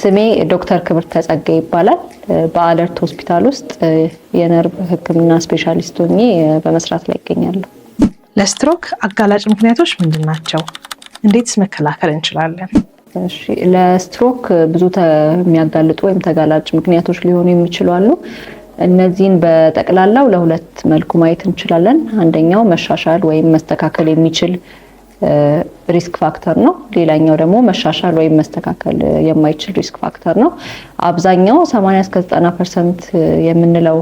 ስሜ ዶክተር ክብር ተጸጋ ይባላል። በአለርት ሆስፒታል ውስጥ የነርቭ ሕክምና ስፔሻሊስት ሆኜ በመስራት ላይ ይገኛለሁ። ለስትሮክ አጋላጭ ምክንያቶች ምንድን ናቸው? እንዴትስ መከላከል እንችላለን? ለስትሮክ ብዙ የሚያጋልጡ ወይም ተጋላጭ ምክንያቶች ሊሆኑ የሚችሉ አሉ። እነዚህን በጠቅላላው ለሁለት መልኩ ማየት እንችላለን። አንደኛው መሻሻል ወይም መስተካከል የሚችል ሪስክ ፋክተር ነው። ሌላኛው ደግሞ መሻሻል ወይም መስተካከል የማይችል ሪስክ ፋክተር ነው። አብዛኛው 80 እስከ 90 ፐርሰንት የምንለው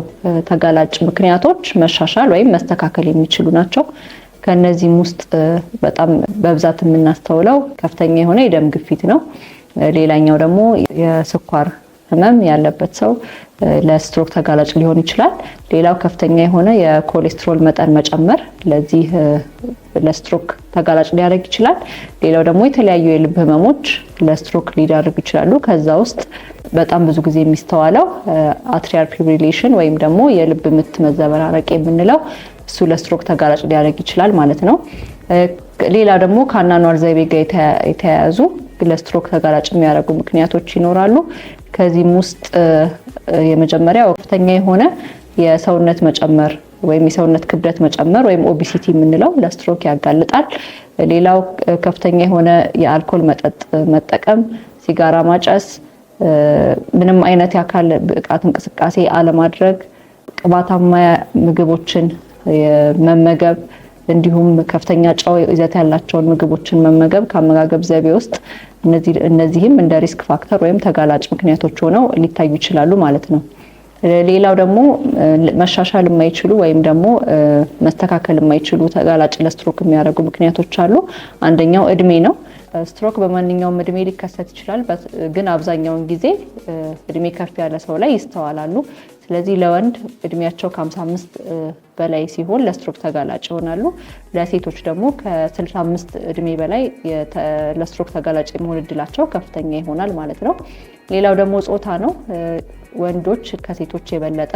ተጋላጭ ምክንያቶች መሻሻል ወይም መስተካከል የሚችሉ ናቸው። ከእነዚህም ውስጥ በጣም በብዛት የምናስተውለው ከፍተኛ የሆነ የደም ግፊት ነው። ሌላኛው ደግሞ የስኳር ህመም ያለበት ሰው ለስትሮክ ተጋላጭ ሊሆን ይችላል። ሌላው ከፍተኛ የሆነ የኮሌስትሮል መጠን መጨመር ለዚህ ለስትሮክ ተጋላጭ ሊያደርግ ይችላል። ሌላው ደግሞ የተለያዩ የልብ ህመሞች ለስትሮክ ሊዳርጉ ይችላሉ። ከዛ ውስጥ በጣም ብዙ ጊዜ የሚስተዋለው አትሪያል ፊብሪሌሽን ወይም ደግሞ የልብ ምት መዘበራረቅ የምንለው እሱ ለስትሮክ ተጋላጭ ሊያደርግ ይችላል ማለት ነው። ሌላ ደግሞ ከአኗኗር ዘይቤ ጋር የተያያዙ ለስትሮክ ተጋላጭ የሚያደርጉ ምክንያቶች ይኖራሉ። ከዚህም ውስጥ የመጀመሪያው ከፍተኛ የሆነ የሰውነት መጨመር ወይም የሰውነት ክብደት መጨመር ወይም ኦቢሲቲ የምንለው ለስትሮክ ያጋልጣል። ሌላው ከፍተኛ የሆነ የአልኮል መጠጥ መጠቀም፣ ሲጋራ ማጨስ፣ ምንም አይነት የአካል ብቃት እንቅስቃሴ አለማድረግ፣ ቅባታማ ምግቦችን መመገብ እንዲሁም ከፍተኛ ጨው ይዘት ያላቸውን ምግቦችን መመገብ ከአመጋገብ ዘይቤ ውስጥ እነዚህም እንደ ሪስክ ፋክተር ወይም ተጋላጭ ምክንያቶች ሆነው ሊታዩ ይችላሉ ማለት ነው። ሌላው ደግሞ መሻሻል የማይችሉ ወይም ደግሞ መስተካከል የማይችሉ ተጋላጭ ለስትሮክ የሚያደርጉ ምክንያቶች አሉ። አንደኛው እድሜ ነው። ስትሮክ በማንኛውም እድሜ ሊከሰት ይችላል፣ ግን አብዛኛውን ጊዜ እድሜ ከፍ ያለ ሰው ላይ ይስተዋላሉ። ስለዚህ ለወንድ እድሜያቸው ከ55 በላይ ሲሆን ለስትሮክ ተጋላጭ ይሆናሉ። ለሴቶች ደግሞ ከ65 እድሜ በላይ ለስትሮክ ተጋላጭ የመሆን እድላቸው ከፍተኛ ይሆናል ማለት ነው። ሌላው ደግሞ ጾታ ነው። ወንዶች ከሴቶች የበለጠ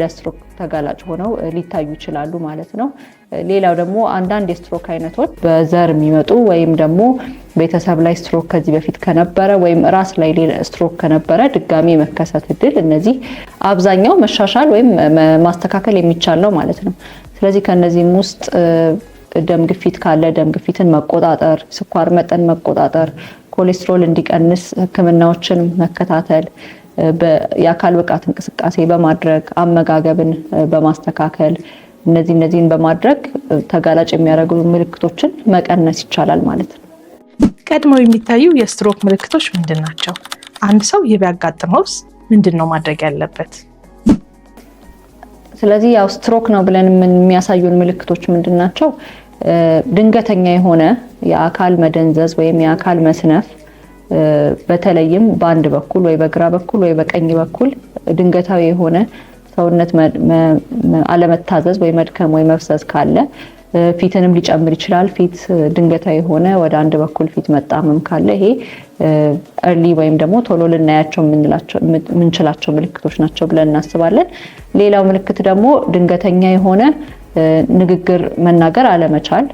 ለስትሮክ ተጋላጭ ሆነው ሊታዩ ይችላሉ ማለት ነው። ሌላው ደግሞ አንዳንድ የስትሮክ አይነቶች በዘር የሚመጡ ወይም ደግሞ ቤተሰብ ላይ ስትሮክ ከዚህ በፊት ከነበረ ወይም ራስ ላይ ስትሮክ ከነበረ ድጋሚ የመከሰት እድል፣ እነዚህ አብዛኛው መሻሻል ወይም ማስተካከል የሚቻል ነው ማለት ነው። ስለዚህ ከነዚህም ውስጥ ደም ግፊት ካለ ደም ግፊትን መቆጣጠር፣ ስኳር መጠን መቆጣጠር፣ ኮሌስትሮል እንዲቀንስ ህክምናዎችን መከታተል፣ የአካል ብቃት እንቅስቃሴ በማድረግ አመጋገብን በማስተካከል እነዚህ እነዚህን በማድረግ ተጋላጭ የሚያደርጉ ምልክቶችን መቀነስ ይቻላል ማለት ነው። ቀድመው የሚታዩ የስትሮክ ምልክቶች ምንድን ናቸው? አንድ ሰው ይህ ቢያጋጥመውስ ምንድን ነው ማድረግ ያለበት? ስለዚህ ያው ስትሮክ ነው ብለን የሚያሳዩን ምልክቶች ምንድን ናቸው? ድንገተኛ የሆነ የአካል መደንዘዝ ወይም የአካል መስነፍ በተለይም በአንድ በኩል ወይ በግራ በኩል ወይ በቀኝ በኩል ድንገታዊ የሆነ ሰውነት አለመታዘዝ ወይ መድከም ወይ መፍሰስ ካለ ፊትንም ሊጨምር ይችላል። ፊት ድንገታ የሆነ ወደ አንድ በኩል ፊት መጣመም ካለ ይሄ እርሊ ወይም ደግሞ ቶሎ ልናያቸው የምንችላቸው ምልክቶች ናቸው ብለን እናስባለን። ሌላው ምልክት ደግሞ ድንገተኛ የሆነ ንግግር መናገር አለመቻል፣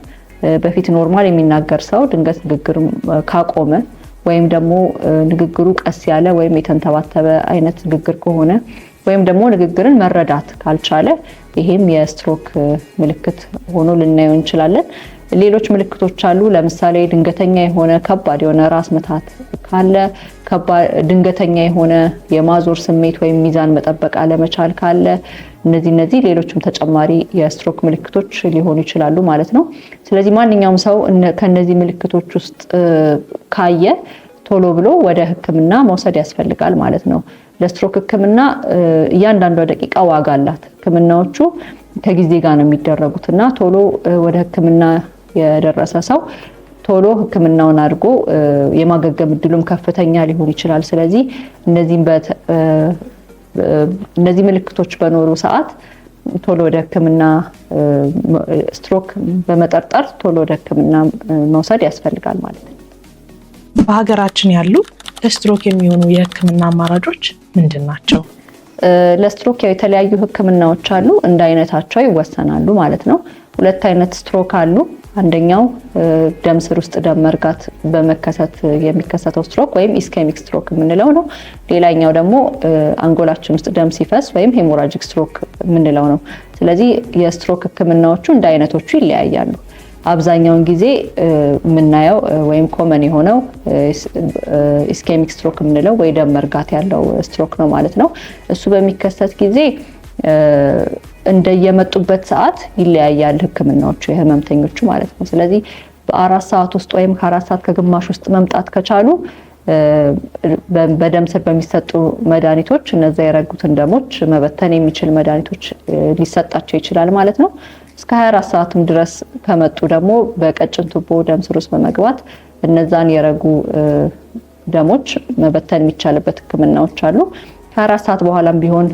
በፊት ኖርማል የሚናገር ሰው ድንገት ንግግር ካቆመ ወይም ደግሞ ንግግሩ ቀስ ያለ ወይም የተንተባተበ አይነት ንግግር ከሆነ ወይም ደግሞ ንግግርን መረዳት ካልቻለ ይሄም የስትሮክ ምልክት ሆኖ ልናየው እንችላለን። ሌሎች ምልክቶች አሉ። ለምሳሌ ድንገተኛ የሆነ ከባድ የሆነ ራስ ምታት ካለ፣ ድንገተኛ የሆነ የማዞር ስሜት ወይም ሚዛን መጠበቅ አለመቻል ካለ፣ እነዚህ እነዚህ ሌሎችም ተጨማሪ የስትሮክ ምልክቶች ሊሆኑ ይችላሉ ማለት ነው። ስለዚህ ማንኛውም ሰው ከእነዚህ ምልክቶች ውስጥ ካየ ቶሎ ብሎ ወደ ሕክምና መውሰድ ያስፈልጋል ማለት ነው። ለስትሮክ ህክምና እያንዳንዷ ደቂቃ ዋጋ አላት። ህክምናዎቹ ከጊዜ ጋር ነው የሚደረጉት እና ቶሎ ወደ ህክምና የደረሰ ሰው ቶሎ ህክምናውን አድርጎ የማገገም እድሉም ከፍተኛ ሊሆን ይችላል። ስለዚህ እነዚህ ምልክቶች በኖሩ ሰዓት ቶሎ ወደ ህክምና ስትሮክ በመጠርጠር ቶሎ ወደ ህክምና መውሰድ ያስፈልጋል ማለት ነው። በሀገራችን ያሉ ለስትሮክ የሚሆኑ የህክምና አማራጮች ምንድን ናቸው? ለስትሮክ ያው የተለያዩ ህክምናዎች አሉ፣ እንደ አይነታቸው ይወሰናሉ ማለት ነው። ሁለት አይነት ስትሮክ አሉ። አንደኛው ደም ስር ውስጥ ደም መርጋት በመከሰት የሚከሰተው ስትሮክ ወይም ኢስኬሚክ ስትሮክ የምንለው ነው። ሌላኛው ደግሞ አንጎላችን ውስጥ ደም ሲፈስ ወይም ሄሞራጂክ ስትሮክ የምንለው ነው። ስለዚህ የስትሮክ ህክምናዎቹ እንደ አይነቶቹ ይለያያሉ። አብዛኛውን ጊዜ የምናየው ወይም ኮመን የሆነው ኢስኬሚክ ስትሮክ የምንለው ወይ ደም መርጋት ያለው ስትሮክ ነው ማለት ነው። እሱ በሚከሰት ጊዜ እንደየመጡበት ሰዓት ይለያያል ህክምናዎቹ የህመምተኞቹ ማለት ነው። ስለዚህ በአራት ሰዓት ውስጥ ወይም ከአራት ሰዓት ከግማሽ ውስጥ መምጣት ከቻሉ በደም ስር በሚሰጡ መድኃኒቶች እነዚያ የረጉትን ደሞች መበተን የሚችል መድኃኒቶች ሊሰጣቸው ይችላል ማለት ነው። እስከ 24 ሰዓትም ድረስ ከመጡ ደግሞ በቀጭን ቱቦ ደም ስር ውስጥ በመግባት እነዛን የረጉ ደሞች መበተን የሚቻልበት ህክምናዎች አሉ። ከአራት ሰዓት በኋላም ቢሆን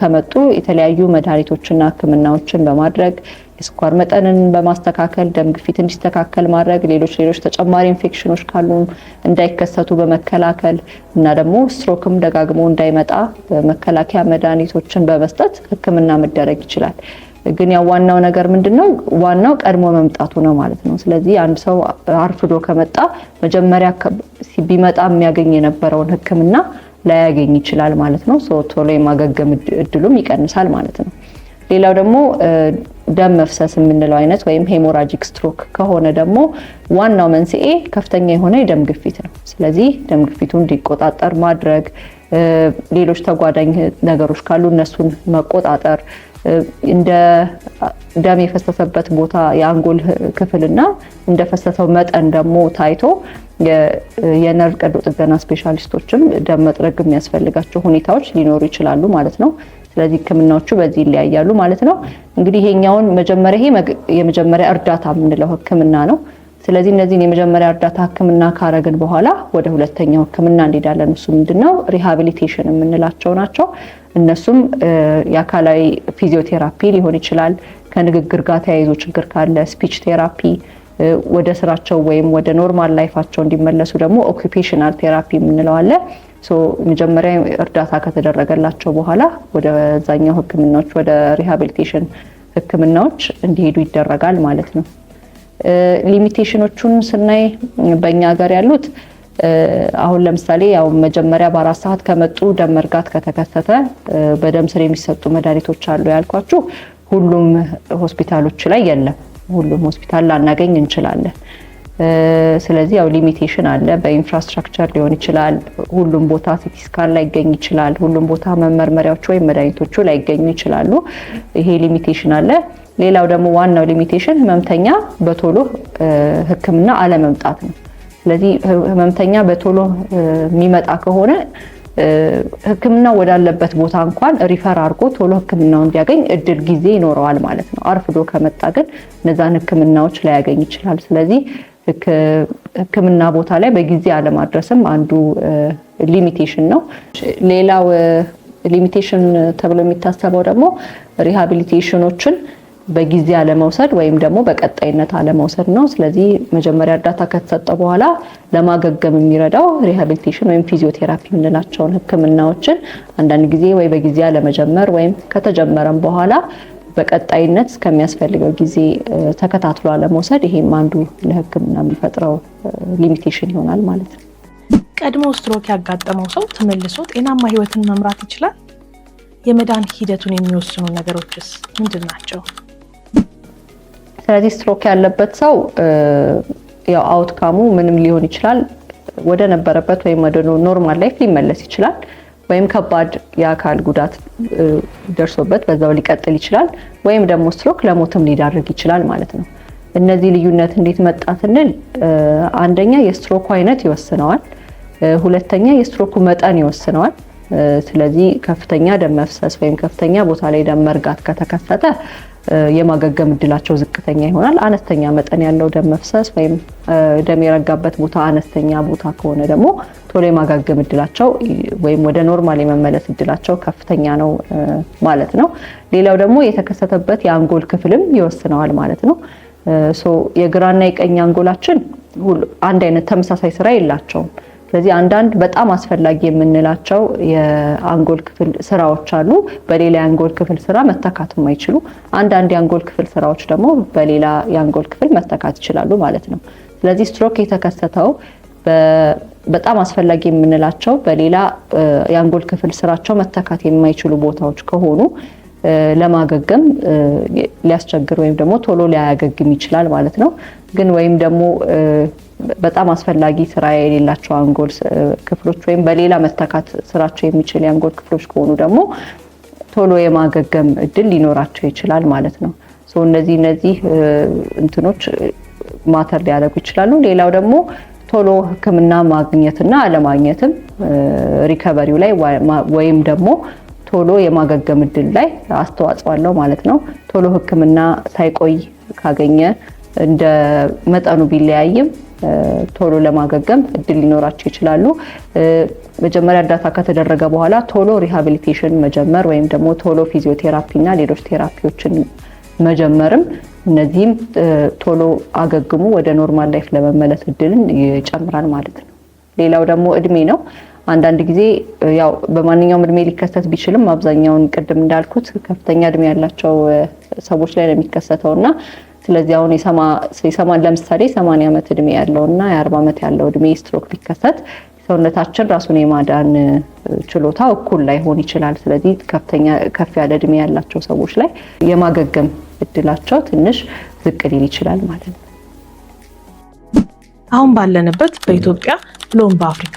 ከመጡ የተለያዩ መድኃኒቶችና ህክምናዎችን በማድረግ የስኳር መጠንን በማስተካከል ደም ግፊት እንዲስተካከል ማድረግ፣ ሌሎች ሌሎች ተጨማሪ ኢንፌክሽኖች ካሉ እንዳይከሰቱ በመከላከል እና ደግሞ ስትሮክም ደጋግሞ እንዳይመጣ መከላከያ መድኃኒቶችን በመስጠት ህክምና መደረግ ይችላል። ግን ያው ዋናው ነገር ምንድን ነው? ዋናው ቀድሞ መምጣቱ ነው ማለት ነው። ስለዚህ አንድ ሰው አርፍዶ ከመጣ መጀመሪያ ቢመጣ የሚያገኝ የነበረውን ሕክምና ላያገኝ ይችላል ማለት ነው። ቶሎ የማገገም እድሉም ይቀንሳል ማለት ነው። ሌላው ደግሞ ደም መፍሰስ የምንለው አይነት ወይም ሄሞራጂክ ስትሮክ ከሆነ ደግሞ ዋናው መንስኤ ከፍተኛ የሆነ የደም ግፊት ነው። ስለዚህ ደም ግፊቱ እንዲቆጣጠር ማድረግ፣ ሌሎች ተጓዳኝ ነገሮች ካሉ እነሱን መቆጣጠር እንደ ደም የፈሰሰበት ቦታ የአንጎል ክፍልና እንደፈሰሰው መጠን ደግሞ ታይቶ የነርቭ ቀዶ ጥገና ስፔሻሊስቶችም ደም መጥረግ የሚያስፈልጋቸው ሁኔታዎች ሊኖሩ ይችላሉ ማለት ነው። ስለዚህ ሕክምናዎቹ በዚህ ይለያያሉ ማለት ነው። እንግዲህ ይሄኛውን መጀመሪያ ይሄ የመጀመሪያ እርዳታ የምንለው ሕክምና ነው። ስለዚህ እነዚህን የመጀመሪያ እርዳታ ህክምና ካረግን በኋላ ወደ ሁለተኛው ህክምና እንሄዳለን። እሱ ምንድነው ሪሃቢሊቴሽን የምንላቸው ናቸው። እነሱም የአካላዊ ፊዚዮቴራፒ ሊሆን ይችላል። ከንግግር ጋር ተያይዞ ችግር ካለ ስፒች ቴራፒ ወደ ስራቸው ወይም ወደ ኖርማል ላይፋቸው እንዲመለሱ ደግሞ ኦኩፔሽናል ቴራፒ የምንለው አለ። መጀመሪያ እርዳታ ከተደረገላቸው በኋላ ወደዛኛው ህክምናዎች ወደ ሪሃቢሊቴሽን ህክምናዎች እንዲሄዱ ይደረጋል ማለት ነው። ሊሚቴሽኖቹን ስናይ በእኛ ሀገር ያሉት አሁን ለምሳሌ ያው መጀመሪያ በአራት ሰዓት ከመጡ ደም መርጋት ከተከሰተ በደም ስር የሚሰጡ መድኃኒቶች አሉ ያልኳችሁ፣ ሁሉም ሆስፒታሎች ላይ የለም። ሁሉም ሆስፒታል ላናገኝ እንችላለን። ስለዚህ ያው ሊሚቴሽን አለ። በኢንፍራስትራክቸር ሊሆን ይችላል። ሁሉም ቦታ ሲቲስካን ላይገኝ ይችላል። ሁሉም ቦታ መመርመሪያዎቹ ወይም መድኃኒቶቹ ላይገኙ ይችላሉ። ይሄ ሊሚቴሽን አለ። ሌላው ደግሞ ዋናው ሊሚቴሽን ህመምተኛ በቶሎ ህክምና አለመምጣት ነው። ስለዚህ ህመምተኛ በቶሎ የሚመጣ ከሆነ ህክምና ወዳለበት ቦታ እንኳን ሪፈር አድርጎ ቶሎ ህክምናው እንዲያገኝ እድል ጊዜ ይኖረዋል ማለት ነው። አርፍዶ ከመጣ ግን እነዛን ህክምናዎች ላያገኝ ይችላል። ስለዚህ ህክምና ቦታ ላይ በጊዜ አለማድረስም አንዱ ሊሚቴሽን ነው። ሌላው ሊሚቴሽን ተብሎ የሚታሰበው ደግሞ ሪሃቢሊቴሽኖችን በጊዜ አለመውሰድ ወይም ደግሞ በቀጣይነት አለመውሰድ ነው። ስለዚህ መጀመሪያ እርዳታ ከተሰጠ በኋላ ለማገገም የሚረዳው ሪሃቢሊቴሽን ወይም ፊዚዮቴራፒ የምንላቸውን ሕክምናዎችን አንዳንድ ጊዜ ወይ በጊዜ አለመጀመር ወይም ከተጀመረም በኋላ በቀጣይነት እስከሚያስፈልገው ጊዜ ተከታትሎ አለመውሰድ፣ ይሄም አንዱ ለሕክምና የሚፈጥረው ሊሚቴሽን ይሆናል ማለት ነው። ቀድሞ ስትሮክ ያጋጠመው ሰው ተመልሶ ጤናማ ህይወትን መምራት ይችላል? የመዳን ሂደቱን የሚወስኑ ነገሮችስ ምንድን ናቸው? ስለዚህ ስትሮክ ያለበት ሰው ያው አውትካሙ ምንም ሊሆን ይችላል። ወደ ነበረበት ወይም ወደ ኖርማል ላይፍ ሊመለስ ይችላል ወይም ከባድ የአካል ጉዳት ደርሶበት በዛው ሊቀጥል ይችላል ወይም ደግሞ ስትሮክ ለሞትም ሊዳርግ ይችላል ማለት ነው። እነዚህ ልዩነት እንዴት መጣ ስንል አንደኛ የስትሮኩ አይነት ይወስነዋል። ሁለተኛ የስትሮኩ መጠን ይወስነዋል። ስለዚህ ከፍተኛ ደም መፍሰስ ወይም ከፍተኛ ቦታ ላይ ደም መርጋት ከተከሰተ የማገገም እድላቸው ዝቅተኛ ይሆናል። አነስተኛ መጠን ያለው ደም መፍሰስ ወይም ደም የረጋበት ቦታ አነስተኛ ቦታ ከሆነ ደግሞ ቶሎ የማገገም እድላቸው ወይም ወደ ኖርማል የመመለስ እድላቸው ከፍተኛ ነው ማለት ነው። ሌላው ደግሞ የተከሰተበት የአንጎል ክፍልም ይወስነዋል ማለት ነው። የግራና የቀኝ አንጎላችን አንድ አይነት ተመሳሳይ ስራ የላቸውም። ስለዚህ አንዳንድ በጣም አስፈላጊ የምንላቸው የአንጎል ክፍል ስራዎች አሉ በሌላ የአንጎል ክፍል ስራ መተካት የማይችሉ፣ አንዳንድ የአንጎል ክፍል ስራዎች ደግሞ በሌላ የአንጎል ክፍል መተካት ይችላሉ ማለት ነው። ስለዚህ ስትሮክ የተከሰተው በጣም አስፈላጊ የምንላቸው በሌላ የአንጎል ክፍል ስራቸው መተካት የማይችሉ ቦታዎች ከሆኑ ለማገገም ሊያስቸግር ወይም ደግሞ ቶሎ ሊያያገግም ይችላል ማለት ነው። ግን ወይም ደግሞ በጣም አስፈላጊ ስራ የሌላቸው አንጎል ክፍሎች ወይም በሌላ መተካት ስራቸው የሚችል የአንጎል ክፍሎች ከሆኑ ደግሞ ቶሎ የማገገም እድል ሊኖራቸው ይችላል ማለት ነው። እነዚህ እነዚህ እንትኖች ማተር ሊያደርጉ ይችላሉ። ሌላው ደግሞ ቶሎ ሕክምና ማግኘትና አለማግኘትም ሪከቨሪው ላይ ወይም ደግሞ ቶሎ የማገገም እድል ላይ አስተዋጽኦ አለው ማለት ነው። ቶሎ ሕክምና ሳይቆይ ካገኘ እንደ መጠኑ ቢለያይም ቶሎ ለማገገም እድል ሊኖራቸው ይችላሉ። መጀመሪያ እርዳታ ከተደረገ በኋላ ቶሎ ሪሃቢሊቴሽን መጀመር ወይም ደግሞ ቶሎ ፊዚዮቴራፒ እና ሌሎች ቴራፒዎችን መጀመርም እነዚህም ቶሎ አገግሙ ወደ ኖርማል ላይፍ ለመመለስ እድልን ይጨምራል ማለት ነው። ሌላው ደግሞ እድሜ ነው። አንዳንድ ጊዜ ያው በማንኛውም እድሜ ሊከሰት ቢችልም አብዛኛውን ቅድም እንዳልኩት ከፍተኛ እድሜ ያላቸው ሰዎች ላይ ነው የሚከሰተው እና ስለዚህ አሁን የሰማን ለምሳሌ ሰማንያ ዓመት እድሜ ያለው እና የአርባ ዓመት ያለው እድሜ ስትሮክ ቢከሰት ሰውነታችን ራሱን የማዳን ችሎታ እኩል ላይሆን ይችላል። ስለዚህ ከፍተኛ ከፍ ያለ እድሜ ያላቸው ሰዎች ላይ የማገገም እድላቸው ትንሽ ዝቅ ሊል ይችላል ማለት ነው። አሁን ባለንበት በኢትዮጵያ ብሎም በአፍሪካ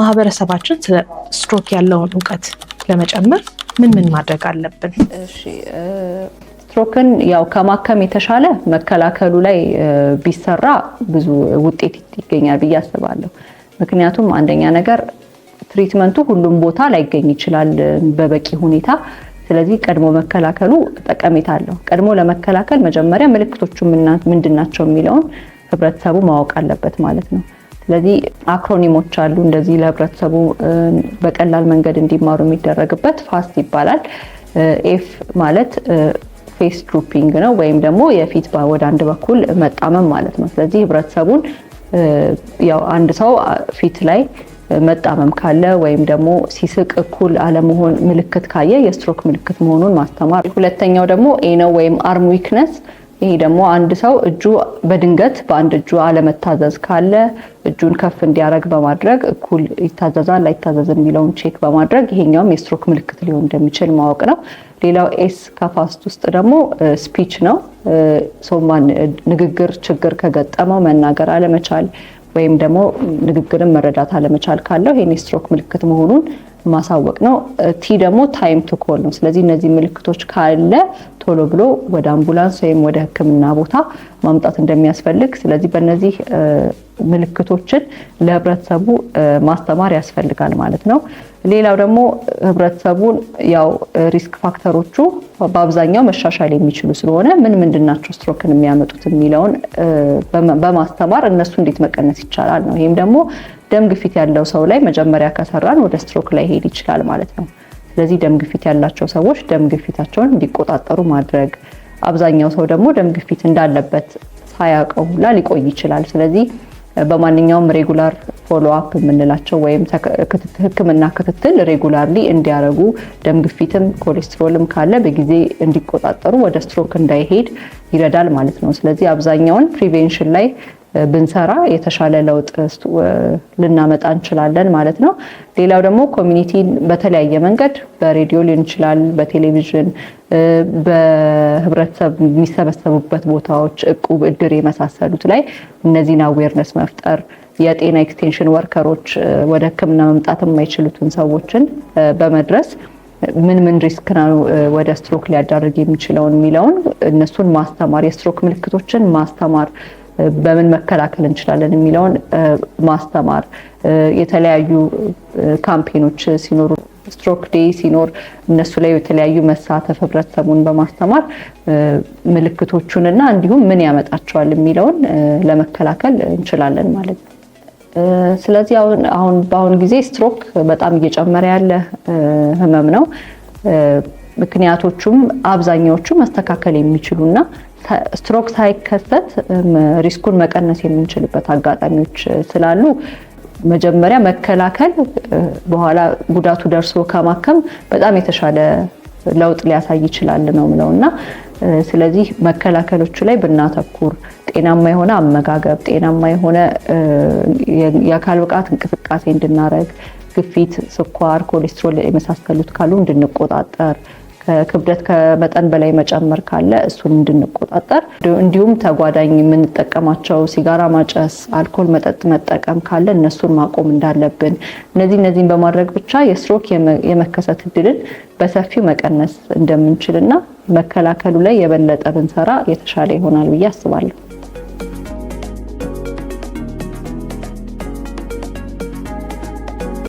ማህበረሰባችን ስለ ስትሮክ ያለውን እውቀት ለመጨመር ምን ምን ማድረግ አለብን? እሺ ስትሮክን ያው ከማከም የተሻለ መከላከሉ ላይ ቢሰራ ብዙ ውጤት ይገኛል ብዬ አስባለሁ። ምክንያቱም አንደኛ ነገር ትሪትመንቱ ሁሉም ቦታ ላይገኝ ይችላል በበቂ ሁኔታ። ስለዚህ ቀድሞ መከላከሉ ጠቀሜታ አለው። ቀድሞ ለመከላከል መጀመሪያ ምልክቶቹ ምንድን ናቸው የሚለውን ህብረተሰቡ ማወቅ አለበት ማለት ነው። ስለዚህ አክሮኒሞች አሉ እንደዚህ ለህብረተሰቡ በቀላል መንገድ እንዲማሩ የሚደረግበት ፋስት ይባላል። ኤፍ ማለት ፌስ ድሩፒንግ ነው ወይም ደግሞ የፊት ወደ አንድ በኩል መጣመም ማለት ነው። ስለዚህ ህብረተሰቡን ያው አንድ ሰው ፊት ላይ መጣመም ካለ ወይም ደግሞ ሲስቅ እኩል አለመሆን ምልክት ካየ የስትሮክ ምልክት መሆኑን ማስተማር። ሁለተኛው ደግሞ ኤ ነው ወይም አርም ዊክነስ ይህ ደግሞ አንድ ሰው እጁ በድንገት በአንድ እጁ አለመታዘዝ ካለ እጁን ከፍ እንዲያደርግ በማድረግ እኩል ይታዘዛል ላይታዘዝ የሚለውን ቼክ በማድረግ ይሄኛውም የስትሮክ ምልክት ሊሆን እንደሚችል ማወቅ ነው። ሌላው ኤስ ከፋስት ውስጥ ደግሞ ስፒች ነው። ሰው ንግግር ችግር ከገጠመው መናገር አለመቻል ወይም ደግሞ ንግግርን መረዳት አለመቻል ካለው ይሄን የስትሮክ ምልክት መሆኑን ማሳወቅ ነው። ቲ ደግሞ ታይም ቱ ኮል ነው። ስለዚህ እነዚህ ምልክቶች ካለ ቶሎ ብሎ ወደ አምቡላንስ ወይም ወደ ሕክምና ቦታ ማምጣት እንደሚያስፈልግ፣ ስለዚህ በእነዚህ ምልክቶችን ለህብረተሰቡ ማስተማር ያስፈልጋል ማለት ነው። ሌላው ደግሞ ህብረተሰቡን ያው ሪስክ ፋክተሮቹ በአብዛኛው መሻሻል የሚችሉ ስለሆነ ምን ምንድን ናቸው ስትሮክን የሚያመጡት የሚለውን በማስተማር እነሱ እንዴት መቀነስ ይቻላል ነው። ይህም ደግሞ ደም ግፊት ያለው ሰው ላይ መጀመሪያ ከሰራን ወደ ስትሮክ ላይ ሄድ ይችላል ማለት ነው። ስለዚህ ደም ግፊት ያላቸው ሰዎች ደም ግፊታቸውን እንዲቆጣጠሩ ማድረግ፣ አብዛኛው ሰው ደግሞ ደም ግፊት እንዳለበት ሳያውቀው ሁላ ሊቆይ ይችላል። ስለዚህ በማንኛውም ሬጉላር ፎሎ አፕ የምንላቸው ወይም ሕክምና ክትትል ሬጉላርሊ እንዲያደርጉ ደም ግፊትም ኮሌስትሮልም ካለ በጊዜ እንዲቆጣጠሩ ወደ ስትሮክ እንዳይሄድ ይረዳል ማለት ነው። ስለዚህ አብዛኛውን ፕሪቬንሽን ላይ ብንሰራ የተሻለ ለውጥ ልናመጣ እንችላለን ማለት ነው። ሌላው ደግሞ ኮሚኒቲ በተለያየ መንገድ በሬዲዮ ሊሆን ይችላል፣ በቴሌቪዥን፣ በህብረተሰብ የሚሰበሰቡበት ቦታዎች እቁብ፣ እድር የመሳሰሉት ላይ እነዚህን አዌርነስ መፍጠር የጤና ኤክስቴንሽን ወርከሮች ወደ ሕክምና መምጣት የማይችሉትን ሰዎችን በመድረስ ምን ምን ሪስክ ነው ወደ ስትሮክ ሊያዳርግ የሚችለውን የሚለውን እነሱን ማስተማር የስትሮክ ምልክቶችን ማስተማር በምን መከላከል እንችላለን የሚለውን ማስተማር፣ የተለያዩ ካምፔኖች ሲኖሩ ስትሮክ ዴይ ሲኖር እነሱ ላይ የተለያዩ መሳተፍ ህብረተሰቡን በማስተማር ምልክቶቹን እና እንዲሁም ምን ያመጣቸዋል የሚለውን ለመከላከል እንችላለን ማለት ነው። ስለዚህ አሁን በአሁን ጊዜ ስትሮክ በጣም እየጨመረ ያለ ህመም ነው። ምክንያቶቹም አብዛኛዎቹ መስተካከል የሚችሉና ስትሮክ ሳይከሰት ሪስኩን መቀነስ የምንችልበት አጋጣሚዎች ስላሉ መጀመሪያ መከላከል በኋላ ጉዳቱ ደርሶ ከማከም በጣም የተሻለ ለውጥ ሊያሳይ ይችላል ነው ምለው እና ስለዚህ መከላከሎቹ ላይ ብናተኩር፣ ጤናማ የሆነ አመጋገብ፣ ጤናማ የሆነ የአካል ብቃት እንቅስቃሴ እንድናረግ፣ ግፊት፣ ስኳር፣ ኮሌስትሮል የመሳሰሉት ካሉ እንድንቆጣጠር ክብደት ከመጠን በላይ መጨመር ካለ እሱን እንድንቆጣጠር እንዲሁም ተጓዳኝ የምንጠቀማቸው ሲጋራ ማጨስ፣ አልኮል መጠጥ መጠቀም ካለ እነሱን ማቆም እንዳለብን እነዚህ እነዚህን በማድረግ ብቻ የስትሮክ የመከሰት እድልን በሰፊው መቀነስ እንደምንችል እና መከላከሉ ላይ የበለጠ ብንሰራ የተሻለ ይሆናል ብዬ አስባለሁ።